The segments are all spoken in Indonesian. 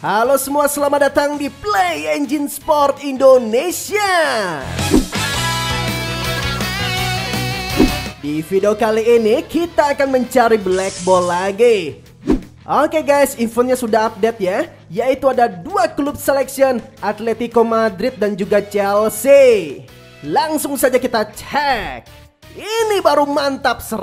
Halo semua, selamat datang di Play Engine Sport Indonesia. Di video kali ini kita akan mencari black ball lagi. Oke okay guys, infonya sudah update ya, yaitu ada dua klub selection, Atletico Madrid dan juga Chelsea. Langsung saja kita cek. Ini baru mantap 100%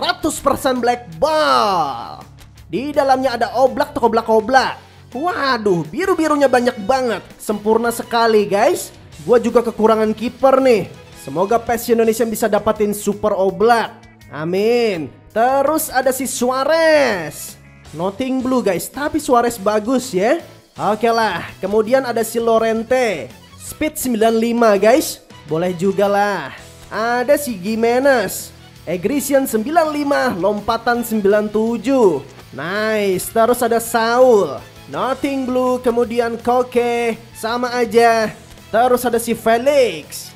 black ball. Di dalamnya ada oblak toko oblak oblak. Waduh, biru-birunya banyak banget. Sempurna sekali, guys. Gua juga kekurangan kiper nih. Semoga PES Indonesia bisa dapatin super oblak. Amin. Terus ada si Suarez. Nothing blue guys, tapi Suarez bagus ya. Oke lah, kemudian ada si Lorente. Speed 95 guys, boleh juga lah. Ada si Gimenez. Egrisian 95, lompatan 97. Nice, terus ada Saul. Nothing Blue, kemudian Koke, sama aja. Terus ada si Felix.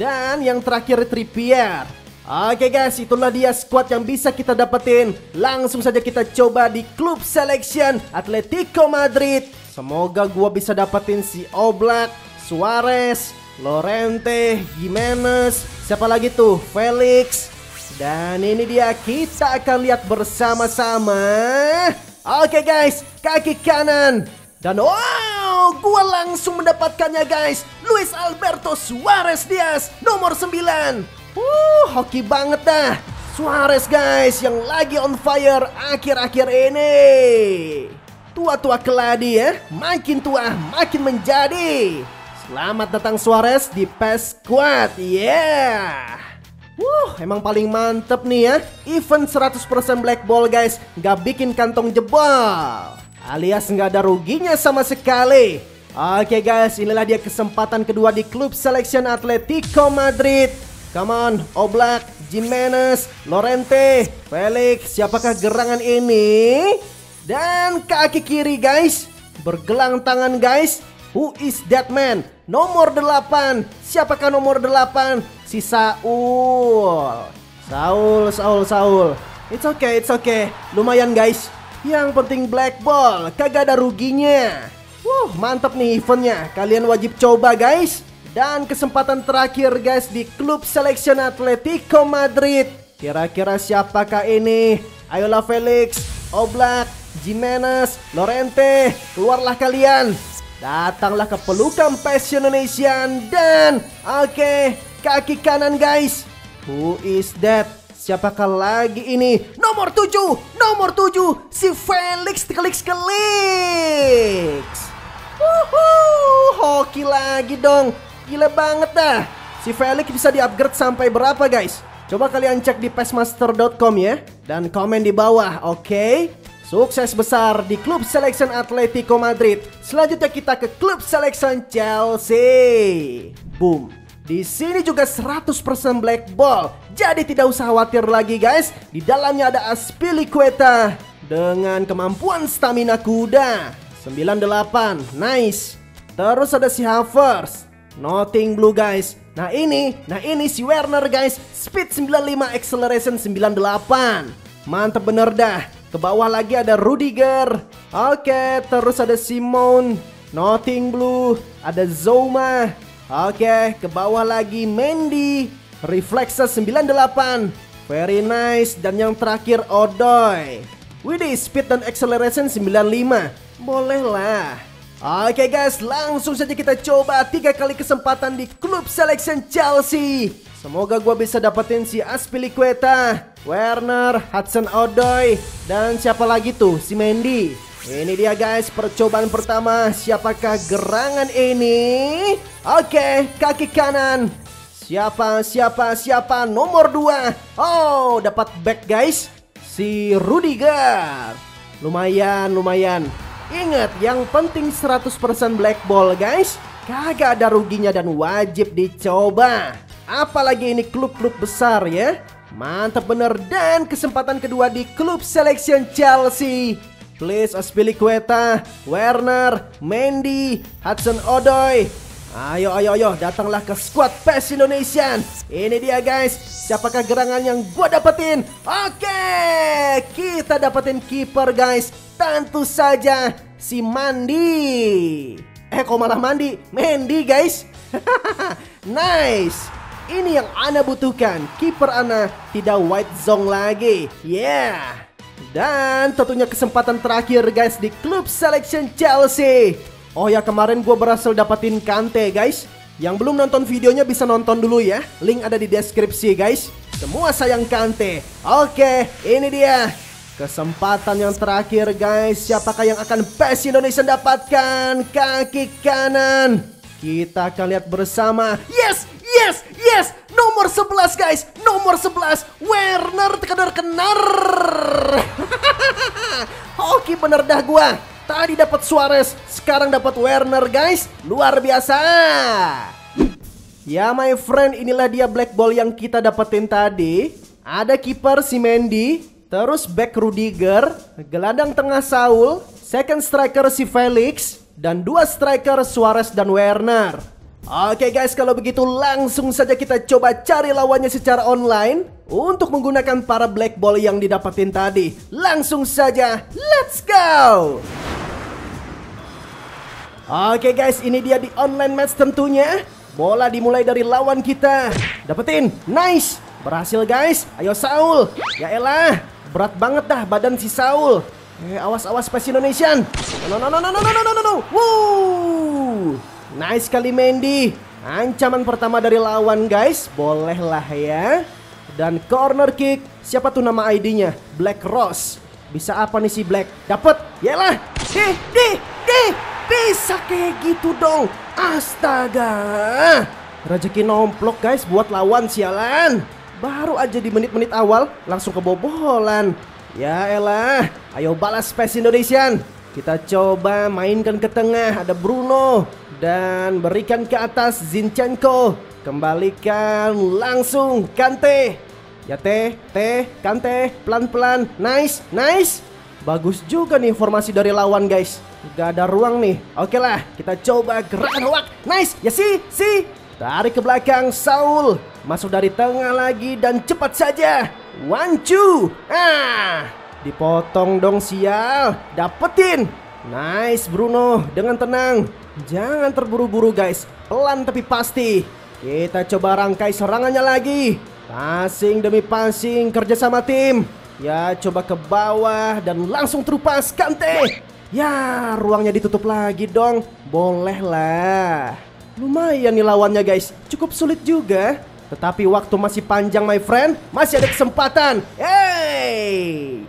Dan yang terakhir Trippier. Oke guys, itulah dia squad yang bisa kita dapetin. Langsung saja kita coba di klub selection Atletico Madrid. Semoga gua bisa dapetin si Oblak, Suarez, Lorente, Jimenez, siapa lagi tuh? Felix. Dan ini dia kita akan lihat bersama-sama. Oke guys, kaki kanan. Dan wow, gua langsung mendapatkannya guys. Luis Alberto Suarez Diaz, nomor 9. Uh, hoki banget dah. Suarez guys, yang lagi on fire akhir-akhir ini. Tua-tua keladi ya, makin tua makin menjadi. Selamat datang Suarez di PES Squad, yeah! Wuh, emang paling mantep nih ya. Event 100% black ball guys, nggak bikin kantong jebol. Alias nggak ada ruginya sama sekali. Oke okay guys, inilah dia kesempatan kedua di klub selection Atletico Madrid. Come on, Oblak, Jimenez, Lorente, Felix, siapakah gerangan ini? Dan kaki kiri guys, bergelang tangan guys, Who is that man? Nomor 8. Siapakah nomor 8? Si Saul. Saul, Saul, Saul. It's okay, it's okay. Lumayan guys. Yang penting black ball, kagak ada ruginya. Wuh, mantep nih eventnya. Kalian wajib coba guys. Dan kesempatan terakhir guys di klub selection Atletico Madrid. Kira-kira siapakah ini? Ayolah Felix, Oblak, Jimenez, Lorente, keluarlah kalian. Datanglah ke pelukan PES Indonesia dan oke okay, kaki kanan guys. Who is that? Siapakah lagi ini? Nomor 7, nomor 7 si Felix Kelix Kelix. hoki lagi dong. Gila banget dah. Si Felix bisa di-upgrade sampai berapa guys? Coba kalian cek di pesmaster.com ya dan komen di bawah, oke? Okay? Sukses besar di klub seleksi Atletico Madrid. Selanjutnya kita ke klub seleksi Chelsea. Boom. Di sini juga 100% black ball. Jadi tidak usah khawatir lagi guys. Di dalamnya ada Aspilicueta dengan kemampuan stamina kuda. 98, nice. Terus ada si Havers. Nothing blue guys. Nah ini, nah ini si Werner guys. Speed 95, acceleration 98. Mantap bener dah. Ke bawah lagi ada Rudiger. Oke, terus ada Simon. Nothing Blue. Ada Zoma. Oke, ke bawah lagi Mandy, Reflexes 98. Very nice. Dan yang terakhir Odoy. Widih, speed dan acceleration 95. lah. Oke guys, langsung saja kita coba tiga kali kesempatan di klub selection Chelsea. Semoga gue bisa dapetin si Aspilicueta, Werner, Hudson Odoi, dan siapa lagi tuh si Mendy. Ini dia guys percobaan pertama siapakah gerangan ini? Oke kaki kanan. Siapa siapa siapa nomor 2 Oh dapat back guys si Rudiger. Lumayan lumayan. Ingat yang penting 100% black ball guys. Kagak ada ruginya dan wajib dicoba. Apalagi ini klub-klub besar ya. Mantap bener dan kesempatan kedua di klub selection Chelsea. Please Aspilicueta, Werner, Mendy, Hudson Odoi. Ayo ayo ayo datanglah ke squad PES Indonesia. Ini dia guys, siapakah gerangan yang gue dapetin? Oke, kita dapetin kiper guys. Tentu saja si Mandi. Eh kok malah Mandi? Mendy guys. nice. Ini yang Ana butuhkan. Kiper Ana tidak white zone lagi. Yeah. Dan tentunya kesempatan terakhir guys di klub selection Chelsea. Oh ya kemarin gue berhasil dapetin Kante guys. Yang belum nonton videonya bisa nonton dulu ya. Link ada di deskripsi guys. Semua sayang Kante. Oke, ini dia. Kesempatan yang terakhir guys. Siapakah yang akan PES Indonesia dapatkan? Kaki kanan. Kita akan lihat bersama. Yes, yes, yes. Nomor 11 guys. Nomor 11. Werner terkenar kenar. Hoki bener dah gua. Tadi dapat Suarez, sekarang dapat Werner guys. Luar biasa. Ya my friend, inilah dia black ball yang kita dapetin tadi. Ada kiper si Mandy, terus back Rudiger, gelandang tengah Saul, second striker si Felix, dan dua striker Suarez dan Werner. Oke guys, kalau begitu langsung saja kita coba cari lawannya secara online untuk menggunakan para black ball yang didapatin tadi. Langsung saja, let's go! Oke guys, ini dia di online match tentunya. Bola dimulai dari lawan kita. Dapetin, nice! Berhasil guys, ayo Saul. yaelah, berat banget dah badan si Saul. Eh, awas awas pas Indonesian. No no no no no no no no no no. Nice kali Mendy. Ancaman pertama dari lawan guys. Bolehlah ya. Dan corner kick. Siapa tuh nama ID-nya? Black Rose. Bisa apa nih si Black? Dapat. Yalah. Di di di. Bisa kayak gitu dong. Astaga. Rezeki nomplok guys buat lawan sialan. Baru aja di menit-menit awal langsung kebobolan. Ya elah, ayo balas space Indonesian. Kita coba mainkan ke tengah, ada Bruno. Dan berikan ke atas Zinchenko. Kembalikan langsung Kante. Ya teh, teh, Kante, pelan-pelan. Nice, nice. Bagus juga nih formasi dari lawan guys. Gak ada ruang nih. Oke lah, kita coba gerakan hoak. Nice, ya si, si. Tarik ke belakang, Saul. Masuk dari tengah lagi dan cepat saja. Wancu Ah, dipotong dong sial. Dapetin. Nice Bruno, dengan tenang. Jangan terburu-buru guys. Pelan tapi pasti. Kita coba rangkai serangannya lagi. Passing demi passing kerja sama tim. Ya, coba ke bawah dan langsung terupas Kante. Ya, ruangnya ditutup lagi dong. Boleh lah. Lumayan nih lawannya guys. Cukup sulit juga. Tetapi waktu masih panjang my friend, masih ada kesempatan. Hey!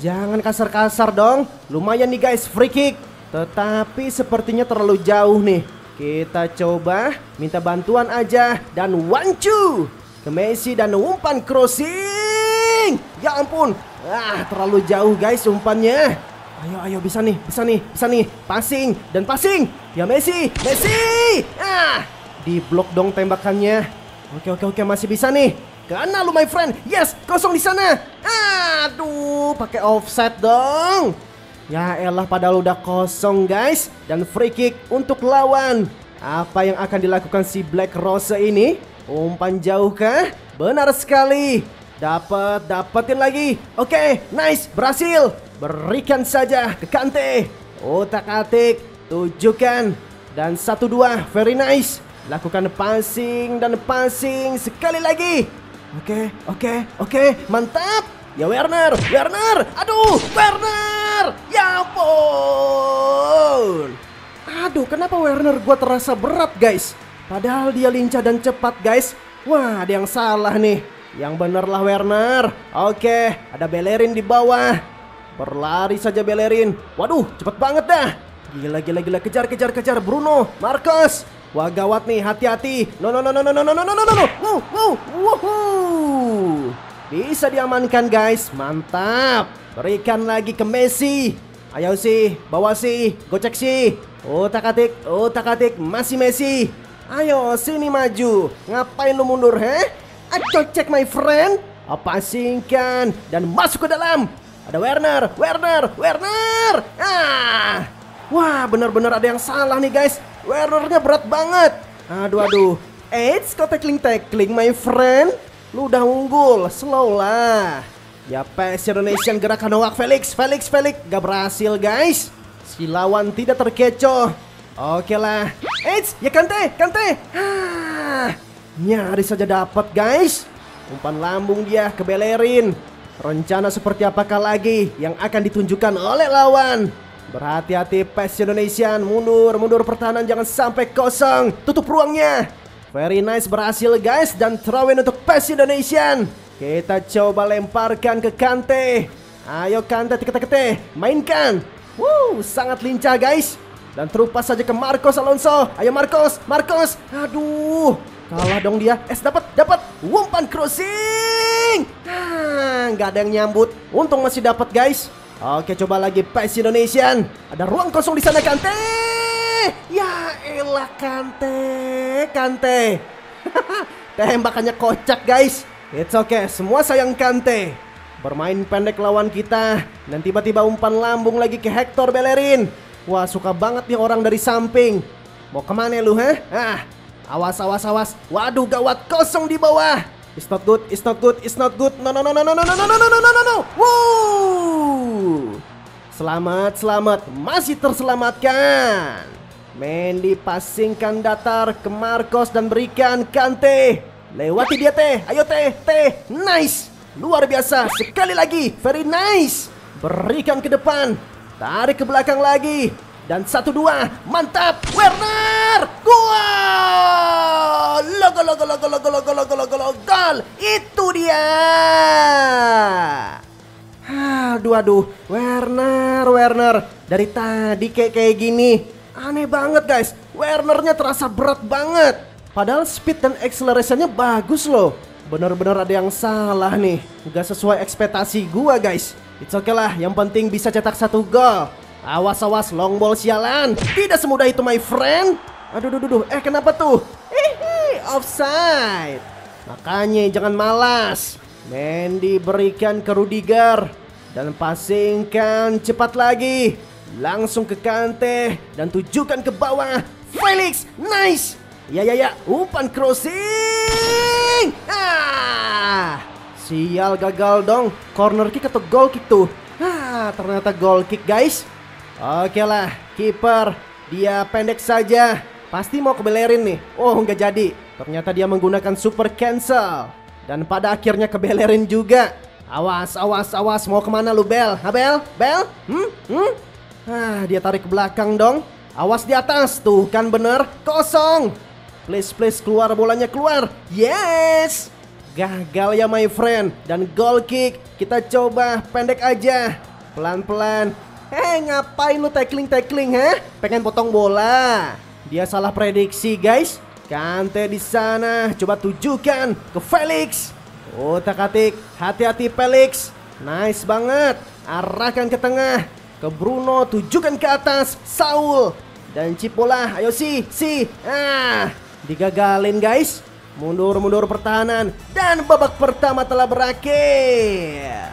Jangan kasar-kasar dong. Lumayan nih guys free kick. Tetapi sepertinya terlalu jauh nih. Kita coba minta bantuan aja dan one two ke Messi dan umpan crossing. Ya ampun, ah terlalu jauh guys umpannya. Ayo ayo bisa nih, bisa nih, bisa nih. Passing dan passing. Ya Messi, Messi. Ah, di blok dong tembakannya. Oke oke oke masih bisa nih. Karena lu my friend. Yes, kosong di sana. Aduh, pakai offset dong. Ya elah padahal udah kosong guys dan free kick untuk lawan. Apa yang akan dilakukan si Black Rose ini? Umpan jauh kah? Benar sekali. Dapat, dapetin lagi. Oke, nice, berhasil. Berikan saja ke Kante. Otak-atik, tujukan dan satu dua, very nice. Lakukan passing dan passing sekali lagi. Oke, oke, oke, mantap. Ya Werner, Werner, aduh, Werner, ya ampun. Aduh, kenapa Werner gua terasa berat guys? Padahal dia lincah dan cepat guys. Wah, ada yang salah nih. Yang bener lah Werner. Oke, ada Belerin di bawah. Berlari saja Belerin Waduh, cepet banget dah. Gila, gila, gila. Kejar, kejar, kejar. Bruno, Marcos. Wah gawat nih, hati-hati. No no no no no no no no no no no. Woohoo. Bisa diamankan guys, mantap. Berikan lagi ke Messi. Ayo sih, bawa sih, gocek sih. Oh takatik, oh takatik, masih Messi. Ayo sini maju. Ngapain lu mundur, he? Ayo cek my friend. Apa singkan dan masuk ke dalam. Ada Werner, Werner, Werner. Ah, Wah, benar-benar ada yang salah nih guys. Wearernya berat banget. Aduh, aduh. Eits, kau tackling-tackling my friend. Lu udah unggul, slow lah. Ya PS Indonesia gerakan nolak Felix, Felix, Felix. Gak berhasil guys. Si lawan tidak terkecoh. Oke lah. Eits, ya Kante, Kante. Ah, nyaris saja dapat guys. Umpan lambung dia ke belerin. Rencana seperti apakah lagi yang akan ditunjukkan oleh lawan? Berhati-hati PES Indonesian Mundur, mundur pertahanan jangan sampai kosong Tutup ruangnya Very nice berhasil guys Dan throw in untuk PES Indonesian Kita coba lemparkan ke Kante Ayo Kante tiket teke Mainkan Wow, sangat lincah guys Dan terupas saja ke Marcos Alonso Ayo Marcos, Marcos Aduh Kalah dong dia Es dapat, dapat Umpan crossing Nah, nggak ada yang nyambut Untung masih dapat guys Oke, coba lagi pass Indonesian. Ada ruang kosong di sana Kante. Ya elah Kante, Kante. Tembakannya kocak guys. It's okay, semua sayang Kante. Bermain pendek lawan kita dan tiba-tiba umpan lambung lagi ke Hector Bellerin. Wah, suka banget nih orang dari samping. Mau kemana lu, ha? Ah, awas, awas, awas. Waduh, gawat kosong di bawah. It's not good, it's not good, it's not good. No no no no no no no no no no no no no. Wow. Selamat, selamat. Masih terselamatkan. Mendy pasingkan datar ke Marcos dan berikan Kante. Lewati dia teh. Ayo teh, teh. Nice. Luar biasa. Sekali lagi. Very nice. Berikan ke depan. Tarik ke belakang lagi. Dan satu dua. Mantap. Werner. Gol. Logo logo logo logo gol. Itu dia. Aduh, aduh. Werner, Werner. Dari tadi kayak kayak gini. Aneh banget guys. Wernernya terasa berat banget. Padahal speed dan accelerationnya bagus loh. Bener-bener ada yang salah nih. Gak sesuai ekspektasi gua guys. It's okay lah, yang penting bisa cetak satu gol. Awas-awas long ball sialan. Tidak semudah itu my friend. Aduh, aduh, aduh. Eh kenapa tuh? Hihi, offside. Makanya jangan malas. Mendy berikan ke Rudiger dan pasingkan cepat lagi. Langsung ke Kante dan tujukan ke bawah. Felix, nice. Ya ya ya, umpan crossing. Ah! Sial gagal dong. Corner kick atau goal kick tuh? Ah, ternyata goal kick guys. Oke lah, kiper dia pendek saja Pasti mau kebelerin nih. Oh, nggak jadi. Ternyata dia menggunakan super cancel. Dan pada akhirnya kebelerin juga. Awas, awas, awas. Mau kemana lu, Bel? Ha, Bel? Bel? Hmm? Hmm? Ah, dia tarik ke belakang dong. Awas di atas. Tuh kan bener. Kosong. Please, please keluar bolanya keluar. Yes! Gagal ya my friend. Dan goal kick. Kita coba pendek aja. Pelan-pelan. Eh, ngapain lu tackling-tackling, ha? Pengen potong bola. Dia salah prediksi, guys. Kante di sana, coba tujukan ke Felix. Oh, takatik. hati-hati Felix. Nice banget. Arahkan ke tengah. Ke Bruno, tujukan ke atas. Saul dan Cipola. Ayo si, si. Ah, digagalin guys. Mundur-mundur pertahanan dan babak pertama telah berakhir.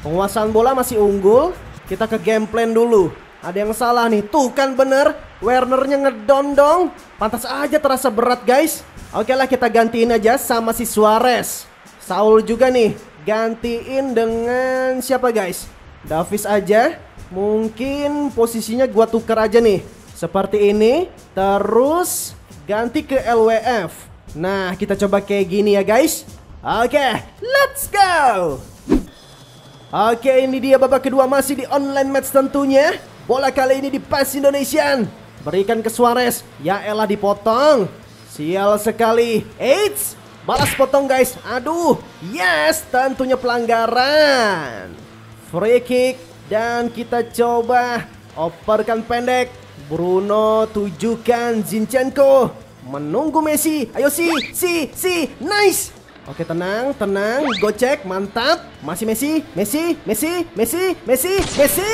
Penguasaan bola masih unggul. Kita ke game plan dulu. Ada yang salah nih. Tuh kan bener. Wernernya ngedondong. Pantas aja terasa berat guys. Oke lah kita gantiin aja sama si Suarez. Saul juga nih. Gantiin dengan siapa guys? Davis aja. Mungkin posisinya gua tuker aja nih. Seperti ini. Terus ganti ke LWF. Nah kita coba kayak gini ya guys. Oke, let's go! Oke, ini dia babak kedua masih di online match tentunya. Bola kali ini di pas Indonesian. Berikan ke Suarez. Ya elah dipotong. Sial sekali. Eits. Balas potong guys. Aduh. Yes. Tentunya pelanggaran. Free kick. Dan kita coba. Operkan pendek. Bruno tujukan Zinchenko. Menunggu Messi. Ayo si. Si. Si. Nice. Oke tenang, tenang, gocek, mantap. Masih Messi, Messi, Messi, Messi, Messi, Messi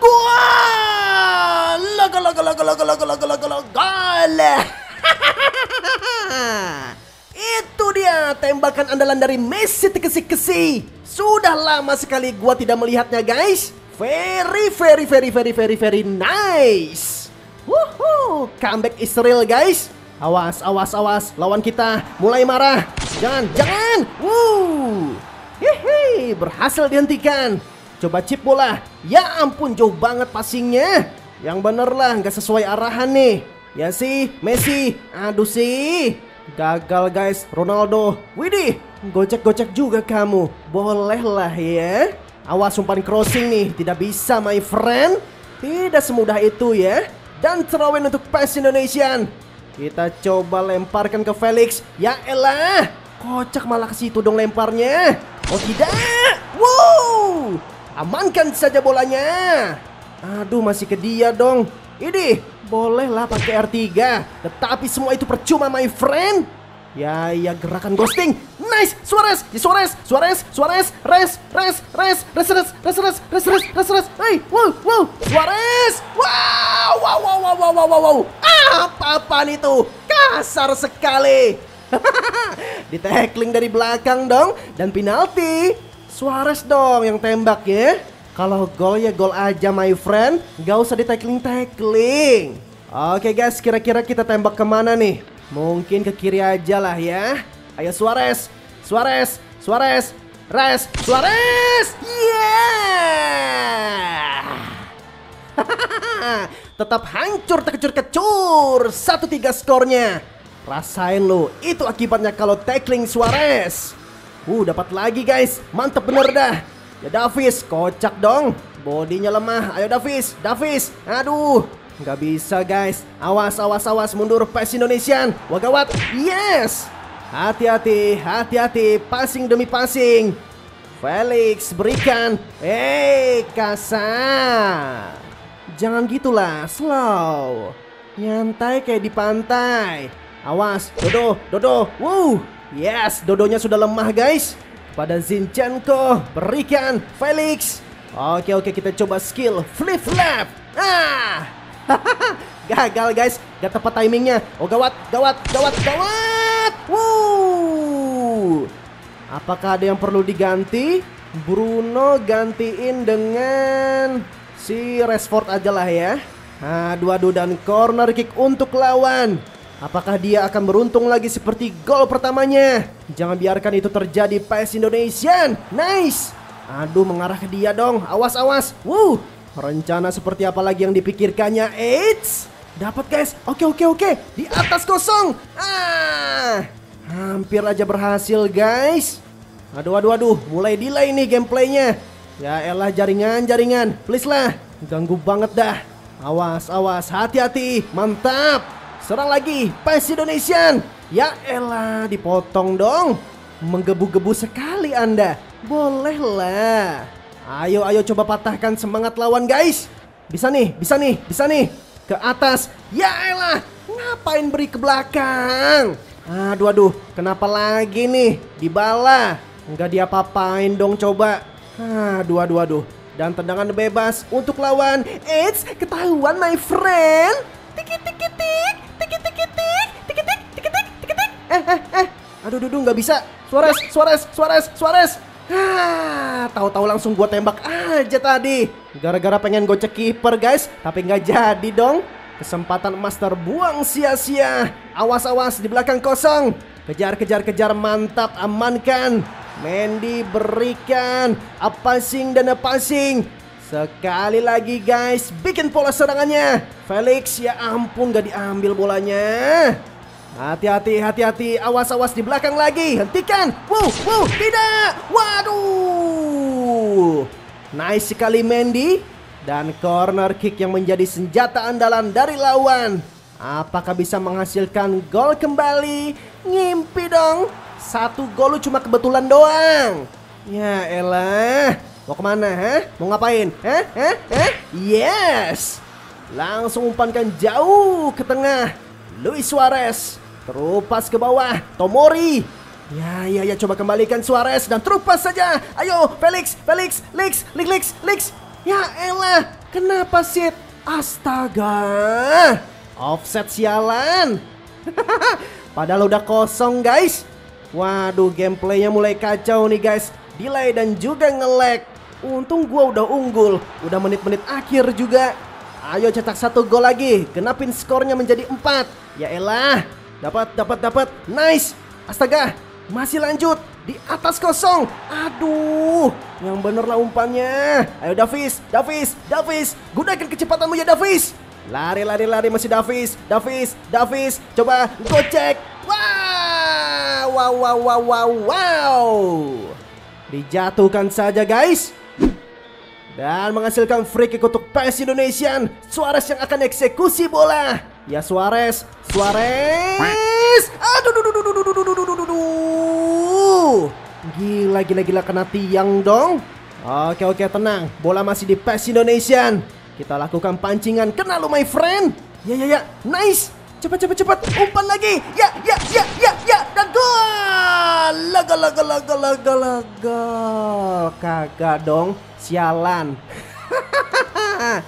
gol! logo logo logo logo logo logo logo logo gol! Itu dia tembakan andalan dari Messi terkesi-kesi. Sudah lama sekali gua tidak melihatnya, guys. Very, very, very, very, very, very nice. Woohoo, comeback Israel, guys. Awas, awas, awas. Lawan kita mulai marah. Jangan, jangan. Woo. Hehe, berhasil dihentikan. Coba chip bola. Ya ampun jauh banget passingnya. Yang bener lah nggak sesuai arahan nih. Ya sih Messi. Aduh sih. Gagal guys Ronaldo. Widih. Gocek-gocek juga kamu. lah ya. Awas umpan crossing nih. Tidak bisa my friend. Tidak semudah itu ya. Dan terawin untuk PES Indonesian. Kita coba lemparkan ke Felix. Ya elah. Kocak malah ke situ dong lemparnya. Oh tidak. Wow. Amankan saja bolanya. Aduh, masih ke dia dong. Ini bolehlah pakai R3. Tetapi semua itu percuma, my friend. Ya, ya gerakan ghosting. Nice, Suarez, di Suarez, Suarez, Suarez, res, res, res, res, res, res, res, res, res, res, res. Hey, wow, wow, Suarez. Wow, wow, wow, wow, wow, wow, wow. Apa-apaan itu? Kasar sekali. di tackling dari belakang dong dan penalti. Suarez dong yang tembak ya. Kalau gol ya gol aja my friend, gak usah di tackling tackling. Oke okay, guys, kira-kira kita tembak kemana nih? Mungkin ke kiri aja lah ya. Ayo Suarez, Suarez, Suarez, Res, Suarez, yeah! Tetap hancur terkecur-kecur, Satu tiga skornya. Rasain lo, itu akibatnya kalau tackling Suarez. Uh, dapat lagi guys. Mantep bener dah. Ya Davis, kocak dong. Bodinya lemah. Ayo Davis, Davis. Aduh, nggak bisa guys. Awas, awas, awas. Mundur pes Indonesian. Wagawat, yes. Hati-hati, hati-hati. Passing demi passing. Felix berikan. Eh, Kasa. kasar. Jangan gitulah, slow. Nyantai kayak di pantai. Awas, Dodo, Dodo. Wuh. Yes, dodonya sudah lemah guys. Pada Zinchenko, berikan Felix. Oke oke kita coba skill flip flap. Ah, gagal guys, gak tepat timingnya. Oh gawat, gawat, gawat, gawat. Wow. Apakah ada yang perlu diganti? Bruno gantiin dengan si Resford aja lah ya. Nah, dua dan corner kick untuk lawan. Apakah dia akan beruntung lagi seperti gol pertamanya? Jangan biarkan itu terjadi PS Indonesia. Nice. Aduh mengarah ke dia dong. Awas awas. Wuh. Rencana seperti apa lagi yang dipikirkannya? Eits. Dapat guys. Oke oke oke. Di atas kosong. Ah. Hampir aja berhasil guys. Aduh aduh aduh. Mulai delay nih gameplaynya. Ya elah jaringan jaringan. Please lah. Ganggu banget dah. Awas awas. Hati-hati. Mantap. Serang lagi, pas Indonesian. Ya elah, dipotong dong. Menggebu-gebu sekali Anda. Boleh lah Ayo, ayo coba patahkan semangat lawan guys. Bisa nih, bisa nih, bisa nih. Ke atas. Ya elah, ngapain beri ke belakang? Aduh, aduh, kenapa lagi nih? Dibala. Enggak diapa-apain dong coba. Aduh, aduh, aduh. Dan tendangan bebas untuk lawan. It's ketahuan my friend. Tiki, tiki, tik eh, eh, eh. Aduh, duduh, nggak bisa. Suarez, Suarez, Suarez, Suarez. Ah, tahu-tahu langsung gua tembak aja tadi. Gara-gara pengen gocek kiper, guys, tapi nggak jadi dong. Kesempatan emas terbuang sia-sia. Awas-awas di belakang kosong. Kejar, kejar, kejar, mantap, amankan. Mendy berikan a passing dan a passing. Sekali lagi guys, bikin pola serangannya. Felix, ya ampun gak diambil bolanya. Hati-hati, hati-hati, awas-awas di belakang lagi. Hentikan. Wow, wow, tidak. Waduh. Nice sekali Mendy. Dan corner kick yang menjadi senjata andalan dari lawan. Apakah bisa menghasilkan gol kembali? Ngimpi dong. Satu gol cuma kebetulan doang. Ya elah. Mau kemana, ha? Mau ngapain? eh, Hah? Hah? Yes. Langsung umpankan jauh ke tengah. Luis Suarez. Terupas ke bawah. Tomori. Ya, ya, ya. Coba kembalikan Suarez dan terupas saja. Ayo, Felix, Felix, Lix, Lix, Lix, Lix. Ya elah, kenapa sih? Astaga. Offset sialan. Padahal udah kosong guys. Waduh, gameplaynya mulai kacau nih guys. Delay dan juga ngelek. Untung gue udah unggul, udah menit-menit akhir juga. Ayo cetak satu gol lagi, genapin skornya menjadi empat. Ya elah, dapat, dapat, dapat. Nice. Astaga, masih lanjut di atas kosong. Aduh, yang bener lah umpannya. Ayo Davis, Davis, Davis, gunakan kecepatanmu ya Davis. Lari, lari, lari masih Davis, Davis, Davis. Coba gocek. Wow, wow, wow, wow, wow. Dijatuhkan saja guys dan menghasilkan free kick untuk PS Indonesian. Suarez yang akan eksekusi bola. Ya Suarez, Suarez. Aduh, duh, duh, duh, duh, duh, duh, duh, duh. Gila, gila, gila kena tiang dong. Oke, oke, tenang. Bola masih di PS Indonesian. Kita lakukan pancingan. Kena lu, my friend. Ya, ya, ya. Nice. Cepat, cepat, cepat. Umpan lagi. Ya, ya, ya, ya, ya. Dan gol. Laga, laga, laga, laga, laga. Kagak dong. Sialan.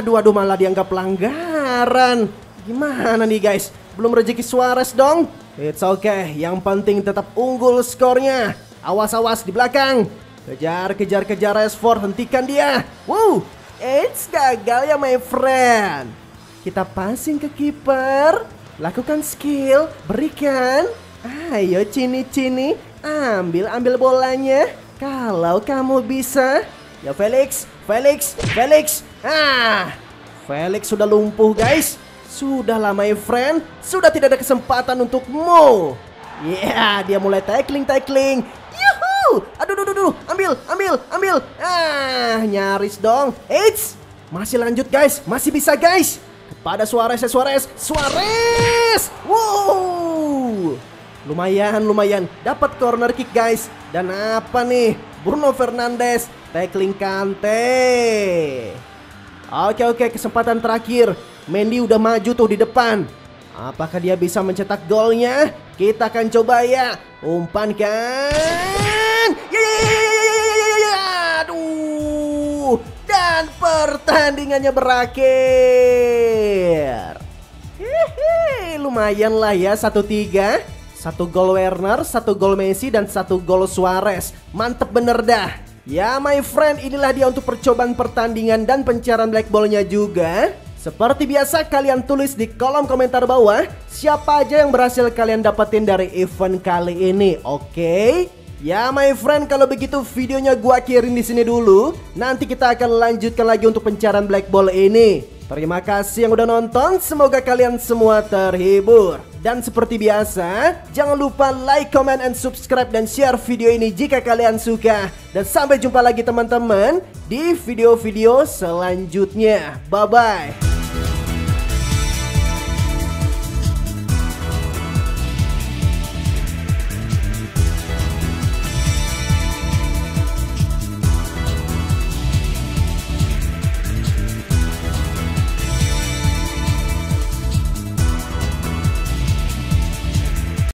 aduh aduh malah dianggap pelanggaran. Gimana nih guys? Belum rezeki Suarez dong. It's okay, yang penting tetap unggul skornya. Awas-awas di belakang. Kejar, kejar, kejar Rashford, hentikan dia. Wow, it's gagal ya my friend. Kita passing ke kiper. Lakukan skill, berikan. Ayo cini-cini, ambil ambil bolanya. Kalau kamu bisa, ya Felix, Felix, Felix. Ah, Felix sudah lumpuh guys. sudah lama my friend, sudah tidak ada kesempatan untukmu. Ya, yeah, dia mulai tackling, tackling. Yuhu! Aduh, aduh, aduh, ambil, ambil, ambil. Ah, nyaris dong. Eits, masih lanjut guys, masih bisa guys. Kepada Suarez, Suarez, Suarez. Wow. Lumayan, lumayan. Dapat corner kick guys. Dan apa nih? Bruno Fernandes tackling Kante. Oke oke kesempatan terakhir. Mendy udah maju tuh di depan. Apakah dia bisa mencetak golnya? Kita akan coba ya. Umpan kan. Ya, ya, ya, ya, ya, Aduh. Dan pertandingannya berakhir. Hihi, lumayan lah ya satu tiga. Satu gol Werner, satu gol Messi, dan satu gol Suarez. Mantep bener dah. Ya my friend, inilah dia untuk percobaan pertandingan dan pencarian black ballnya juga. Seperti biasa kalian tulis di kolom komentar bawah eh? siapa aja yang berhasil kalian dapetin dari event kali ini, oke? Okay? Ya my friend kalau begitu videonya gua kirim di sini dulu. Nanti kita akan lanjutkan lagi untuk pencarian black ball ini. Terima kasih yang udah nonton, semoga kalian semua terhibur. Dan seperti biasa, jangan lupa like, comment, and subscribe dan share video ini jika kalian suka. Dan sampai jumpa lagi teman-teman di video-video selanjutnya. Bye-bye.